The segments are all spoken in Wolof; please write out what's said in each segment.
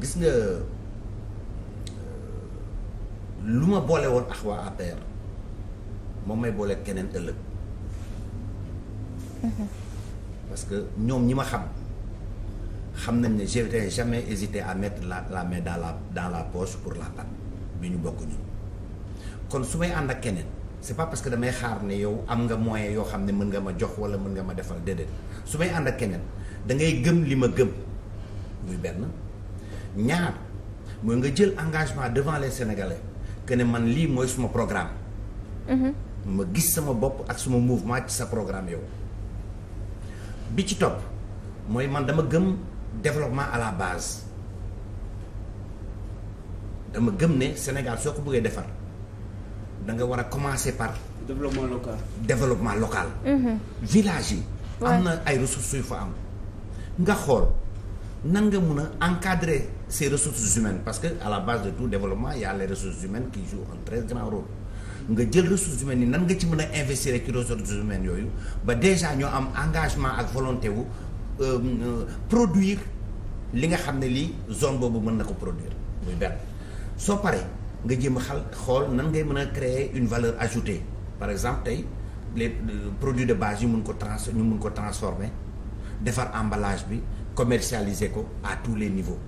gis nga euh, lu ma boole woon ak waa APR moom may boole keneen ëllëg mhm. parce que ñoom ñi ma xam xam nañ ne je n'ai jamais hésité à mettre la la mais dans la dans la poche pour la patte bi ñu bokk ñun kon su may ànd ak keneen c'est pas parce que damay xaar ne yow am nga moyen yoo xam ne mën nga ma jox wala mën nga ma defal déedéet su may ànd ak keneen da ngay gëm li ma gëm muy benn ñaar mooy nga jël engagement devant les sénégalais que ne man lii mooy suma programme. Mhm. ma gis sama bopp ak suma mouvement ci sa programme yow. bi ci topp mooy man dama gëm développement à la base dama gëm ne Sénégal soo ko bëggee defar da nga war a commencer par. développement local. développement local. Mhm. village yi. am na ay ressources yu fa am nga xool. nan nga mun a encadrer ces ressources humaines parce que à la base de tout développement il y a les ressources humaines qui jouent un très grand rôle nga jël ressources humaines ni nan nga ci mën a investir ci ressources humaines yooyu ba déjà ñoo am engagement ak volonté wu euh, euh, produire li nga xam ne lii zone boobu mën na ko produire muy benn soo paree nga jéem a xal xool nan ngay mën a créer une valeur ajoutée par exemple tey les produits de base yu mun ko trans ñu mun ko transformer defar emballage bi commercialiser ko à tous les niveaux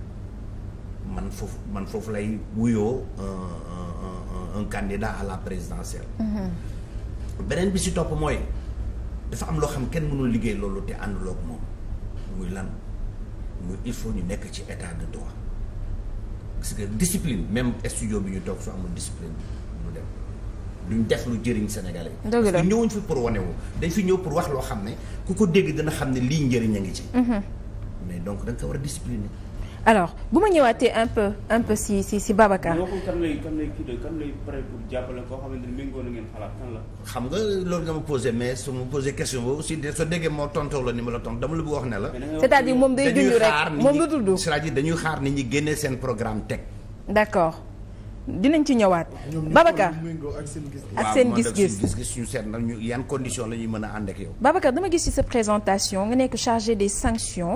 man foofu man foofu lay wuyoo un un candidat à la présidentielle. Mhm. beneen bi si topp mooy dafa am loo xam kenn mënul liggéey loolu te ànduloo ak moom muy lan muy il faut ñu nekk ci état de droit parce que discipline même studio bi ñu toog su amul discipline du dem duñ def lu jëriñ Sénégalais. dëgg la ñëwuñ fi pour wane wu dañ fi ñëw pour wax loo xam ne ku ko dégg dina xam ne lii njëriñ a ngi ci. Mhm. mais donc da nga ko war a discipliner. alors bu ma ñëwaatee un peu un peu si si si Babacar. koo xamante ni méngoo na ngeen xam nga loolu nga ma posé mais su ma posé question boobu de soo déggee moo tontoo la ni ma la tont dama la bëgg wax ne la. moom day junj rek moom la tudd. cest à dañuy xaar nit ñi génnee seen programme teg. d'accord dinañ ci ñëwaat. Babacar ak seen gis-gis. ak seen gis-gis gis-gis ñu seet nag ñu yan condition la ñuy mën a ànd ak yow. Babacar dama gis ci sa présentation nga nekk chargé des sanctions.